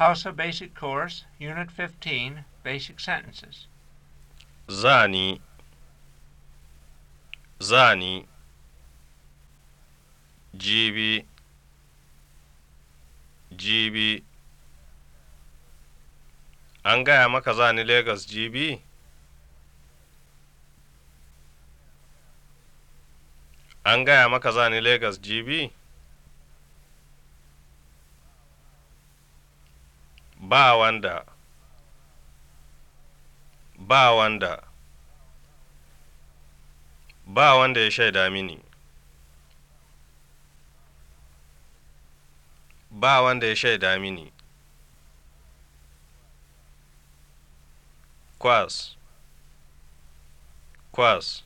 House of Basic Course, Unit 15, Basic Sentences. Zani, zani, gb, gb. an gaya maka zani Legas jibi? An gaya maka zani Legas jibi? ba wanda ba wanda ba wanda ya shaida mini ba wanda ya shaida mini kwas kwas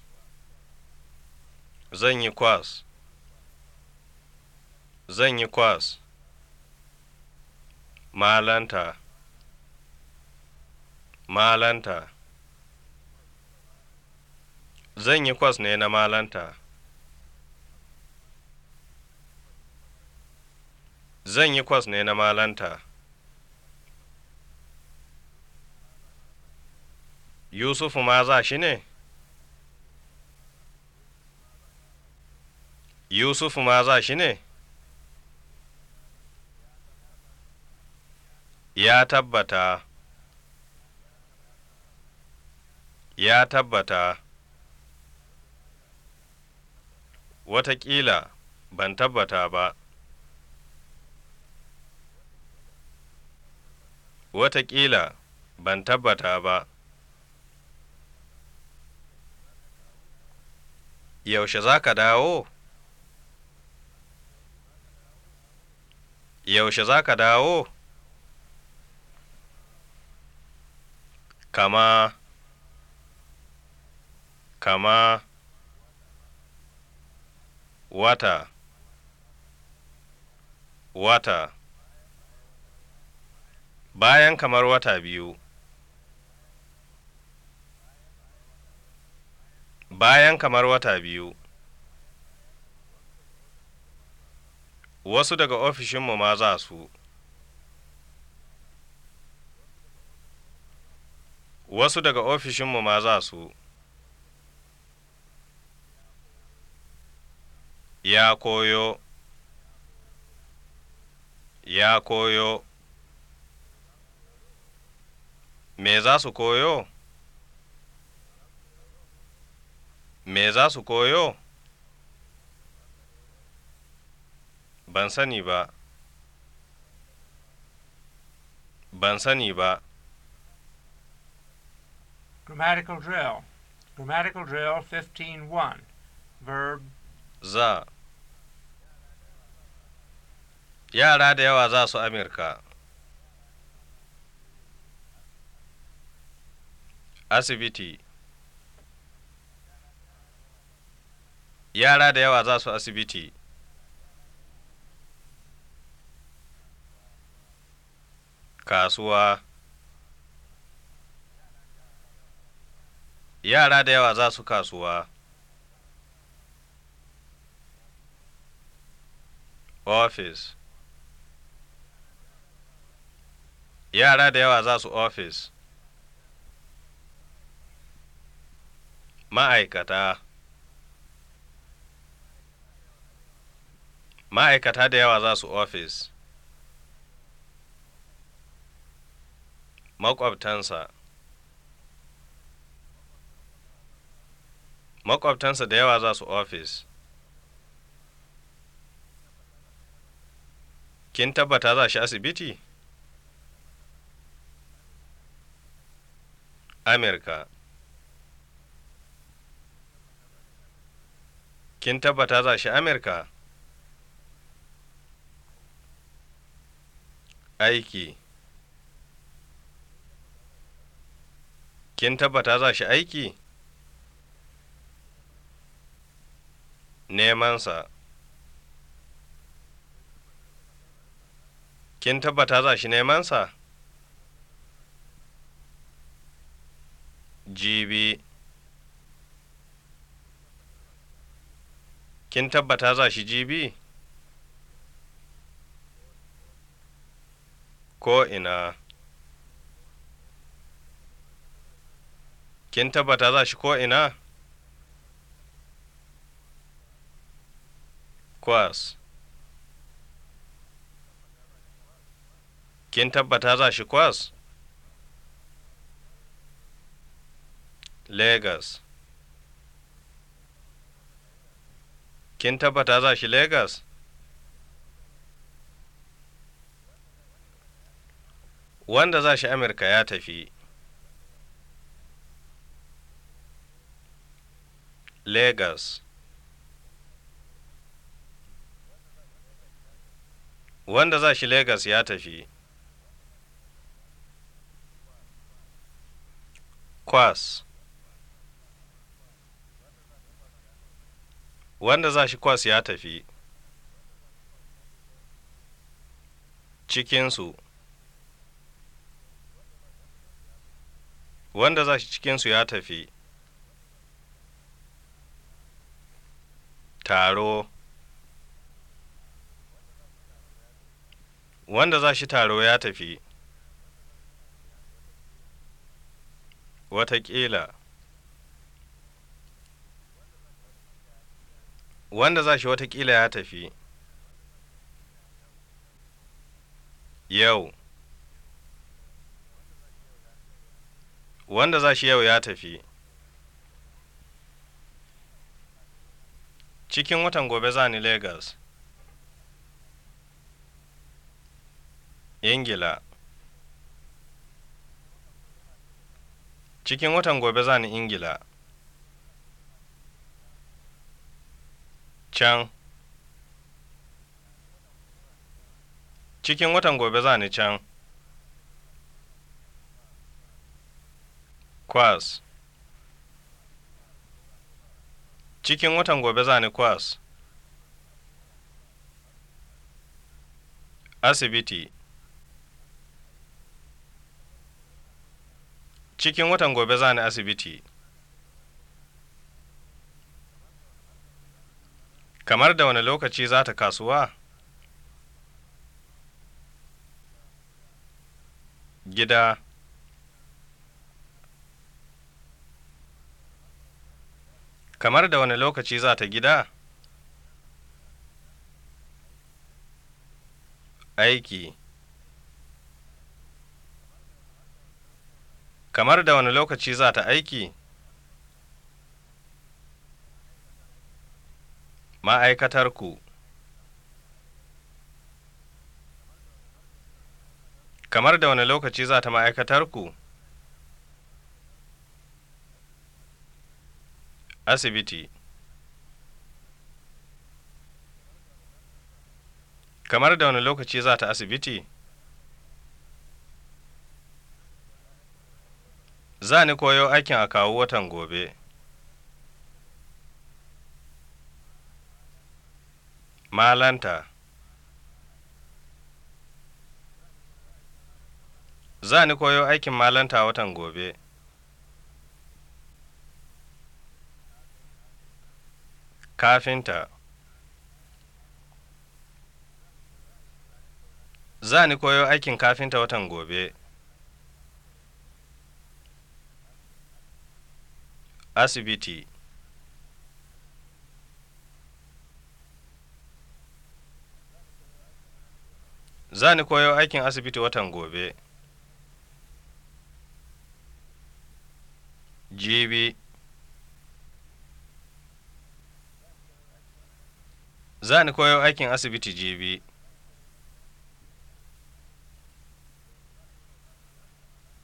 zan yi kwas zan yi kwas malanta malanta zan yi kwas ne na malanta zan yi kwas ne na malanta yusufu ma za shi ne yusufu ma za shi ne ya tabbata ya tabbata watakila ban tabbata ba watakila ban tabbata ba yaushe za ka dawo yaushe za ka dawo kama kama wata wata bayan kamar wata biyu bayan kamar wata biyu wasu daga ofishinmu ma za su wasu daga ofishinmu ma za su ya koyo ya koyo me za su koyo me za su koyo ban sani ba ban sani ba Grammatical drill. Grammatical drill 15.1. Verb. Za. Yara da yawa za su Amurka. Asibiti. Yara da yawa za su asibiti. Kasuwa. yara da yawa za su kasuwa office yara da yawa za su office ma'aikata ma'aikata da yawa za su ofis makwabtansa makwabtansa da yawa za su ofis kin tabbata za shi asibiti amurka kin tabbata za shi amurka aiki kin tabbata za shi aiki nemansa kin tabbata za shi nemansa jibi kin tabbata za shi jibi ko ina kin tabbata za shi ko ina Kwas? kin tabbata za shi kwas? Legas. kin tabbata za shi Legas? wanda za shi Amurka ya tafi Legas. wanda za shi Legas ya tafi kwas wanda za shi kwas ya tafi cikinsu wanda za shi cikinsu ya tafi taro wanda za shi taro ya tafi watakila wanda za shi watakila ya tafi yau wanda za shi yau ya tafi cikin watan gobe za ni lagos Ingila Cikin watan gobe za ni Ingila. Can Cikin watan gobe za ni can. Kwas Cikin watan gobe za ni kwas. Asibiti cikin watan gobe za ni asibiti kamar da wani lokaci za ta kasuwa gida kamar da wani lokaci za ta gida aiki kamar da wani lokaci za ta aiki ma'aikatarku kamar da wani lokaci za ta ma'aikatarku asibiti kamar da wani lokaci za ta asibiti Za ni koyo aikin a kawo watan gobe. Malanta Za ni koyo aikin malanta watan gobe. Kafinta Za ni koyo aikin kafinta watan gobe. asibiti za ni koyo aikin asibiti watan gobe jibi za ni koyo aikin asibiti jibi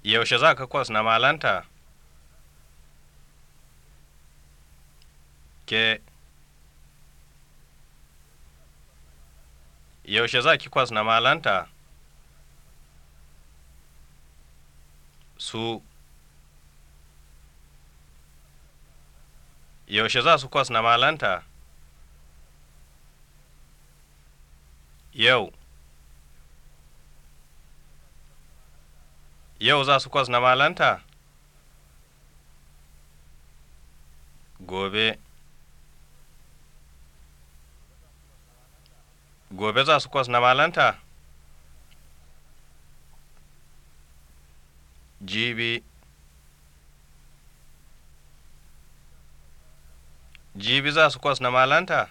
yaushe za ka kwas na malanta yaushe za ki kwas na malanta su yaushe za su kwas na malanta yau yau za su kwas na malanta gobe gobe za su kwas na malanta jibi jibi za su kwas na malanta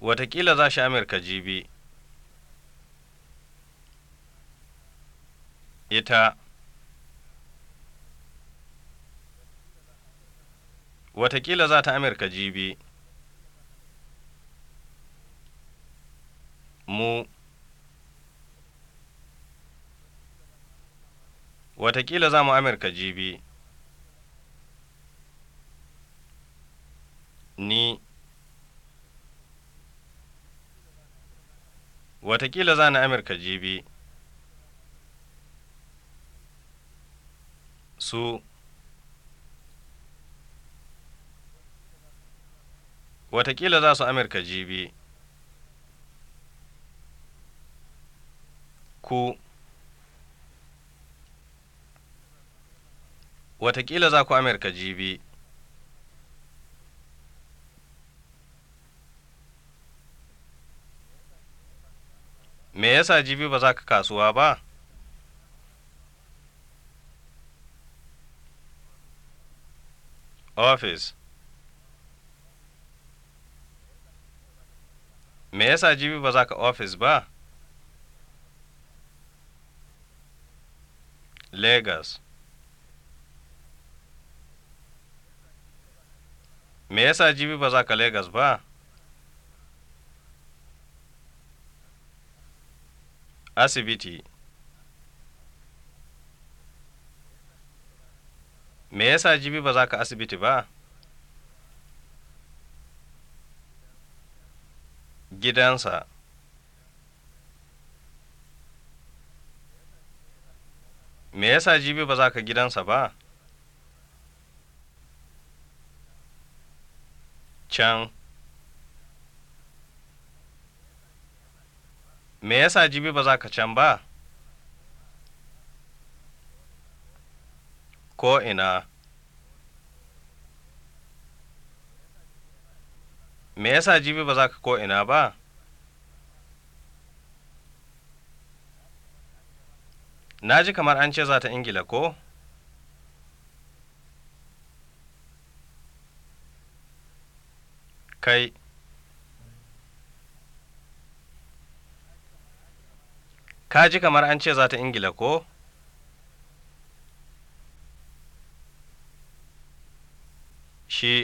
watakila za shi amurka jibi ita watakila za ta amurka jibi mu watakila za mu amurka jibi ni watakila za na amurka jibi su watakila za su amurka jibi ku watakila za ku amurka jibi me yasa jibi ba za ka kasuwa ba office me yasa jibi ba za ka office ba Legas. Me yasa jibi ba za ka Legas ba? Asibiti. Me yasa jibi ba za ka asibiti ba? Gidansa. me yasa jibi ba za ka gidansa ba can me yasa jibi ba za ka can ba ko ina me yasa jibi ba za ka ko ina ba na ji kamar an ce za ta ingila ko kai ka ji kamar an ce za ta ingila ko shi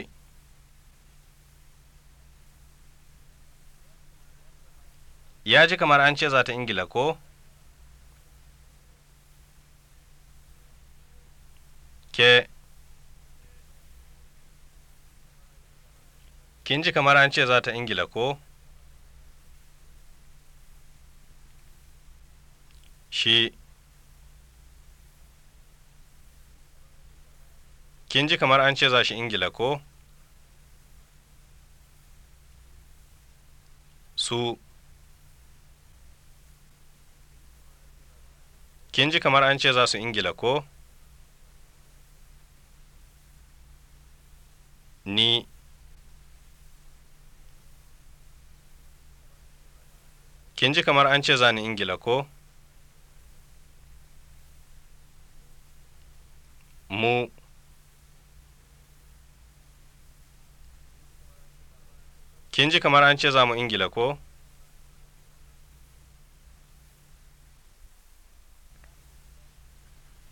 ya ji kamar an ce za ta ingila ko ke kin ji kamar an ce za ta ingila ko shi kin ji kamar an ce za shi ingila ko su kin ji kamar an ce za su ingila ko Kin ji kamar an ce zani Ingila ko? Mu Kin ji kamar an ce za mu Ingila ko?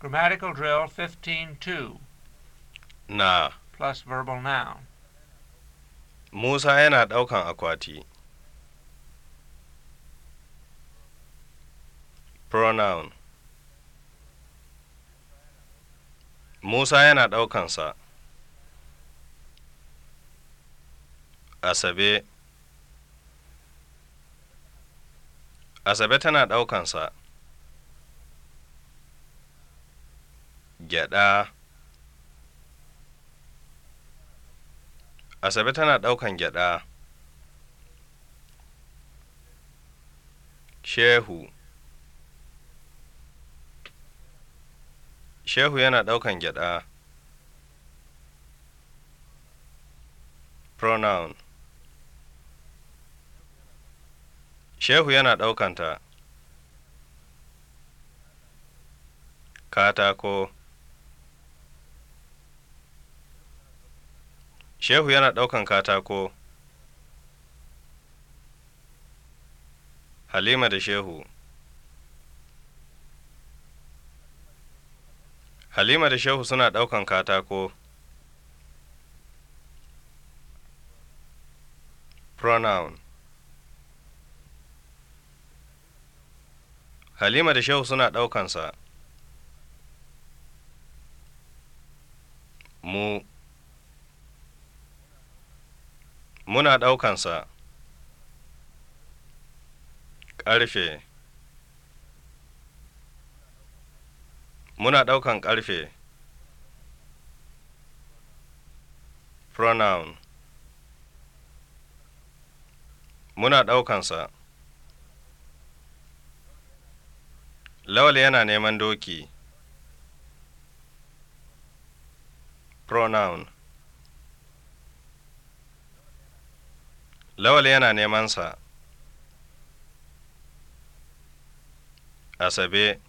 Grammatical drill 15-2. Na. Plus verbal noun. Musa yana ɗaukan akwati. pronoun Musa yana ɗaukansa Asabe Asabe tana ɗaukansa Gyaɗa Asabe tana ɗaukan gyaɗa Shehu Shehu yana ɗaukan gyaɗa. Pronoun Shehu yana ɗaukanta. Katako Shehu yana ɗaukan katako. Halima da Shehu halima da shehu suna ɗaukan katako pronoun halima da shehu suna ɗaukansa mu muna ɗaukansa ƙarfe muna ɗaukan ƙarfe pronoun muna ɗaukansa lawali yana neman doki pronoun lawali yana nemansa asabe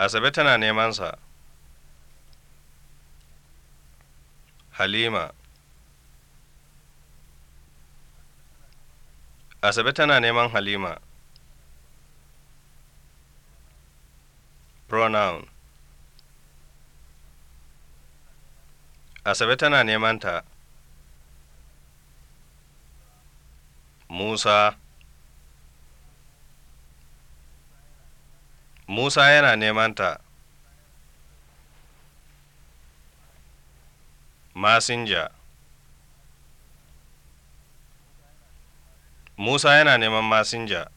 Asabe tana nemansa. Halima Asabe tana neman Halima. Pronoun Asabe tana neman ta. Musa Musa yana nemanta masinja Musa yana neman masinja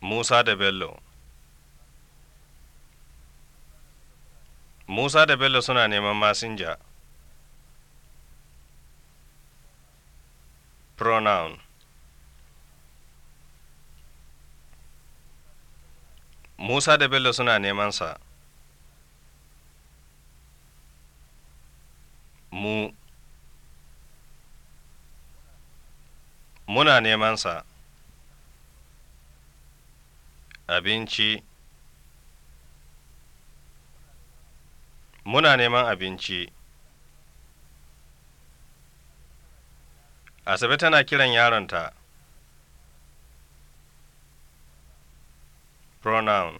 Musa da Bello Musa da Bello suna neman masinja pronoun Musa da Bello suna nemansa. Mu Muna nemansa. Abinci Muna neman abinci. Asabe tana kiran yaronta. pronoun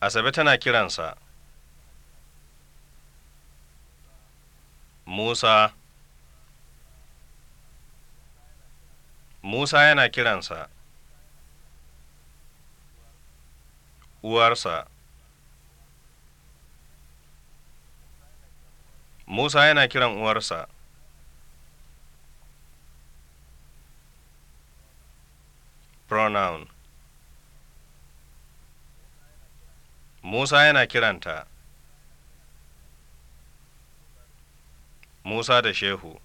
Asabe tana kiransa Musa Musa yana kiransa uwarsa Musa yana kiran uwarsa pronoun Musa yana kiranta Musa da Shehu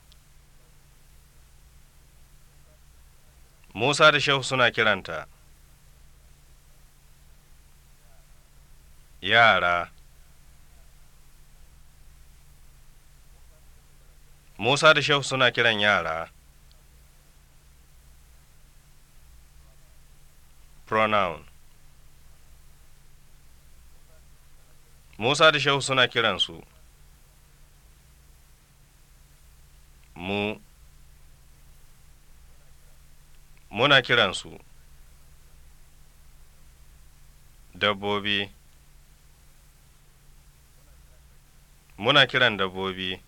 Musa da Shehu suna kiranta Yara Musa da Shehu suna kiran yara pronoun Musa da Shehu suna kiransu mu muna kiransu dabbobi muna kiran dabbobi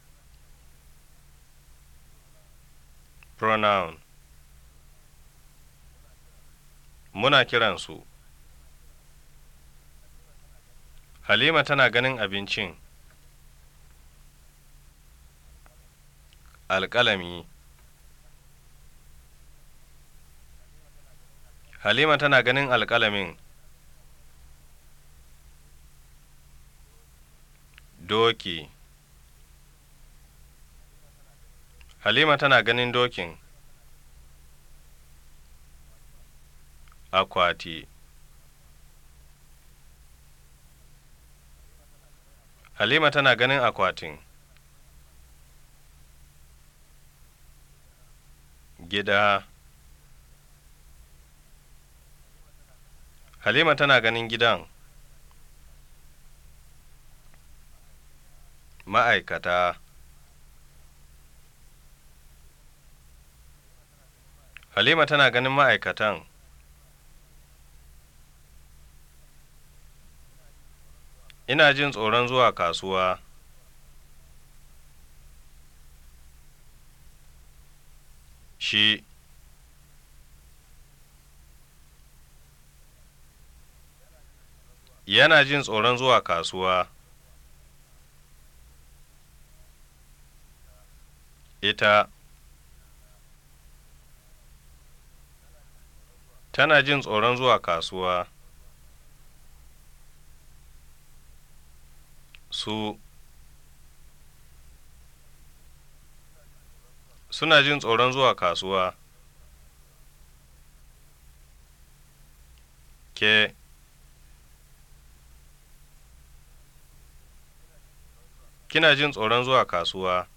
pronoun muna kiransu halima tana ganin abincin alƙalami halima tana ganin alƙalamin doki halima tana ganin dokin akwati halima tana ganin akwatin gida halima tana ganin gidan ma'aikata halima tana ganin ma'aikatan Ina jin tsoron zuwa kasuwa. Shi yana jin tsoron zuwa kasuwa. Ita tana jin tsoron zuwa kasuwa. su suna jin tsoron zuwa kasuwa ke kina jin tsoron zuwa kasuwa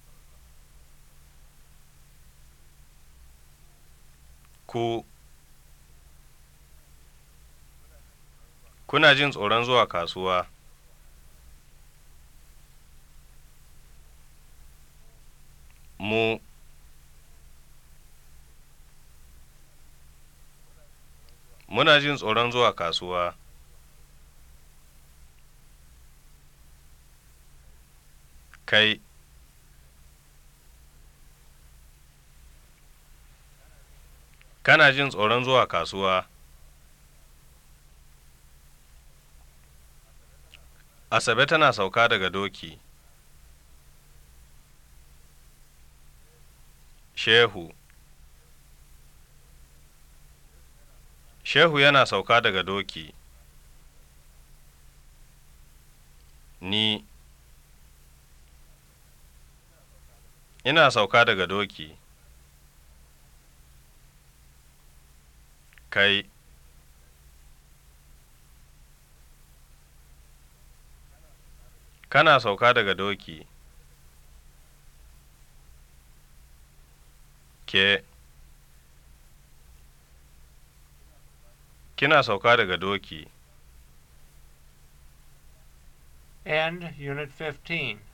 ku kuna jin tsoron zuwa kasuwa muna jin tsoron zuwa kasuwa kai kana jin tsoron zuwa kasuwa asabe tana sauka daga doki shehu Shehu yana sauka daga doki. Ni Ina sauka daga doki. Kai Kana sauka daga doki. Ke Kina sauka daga doki. End Unit 15.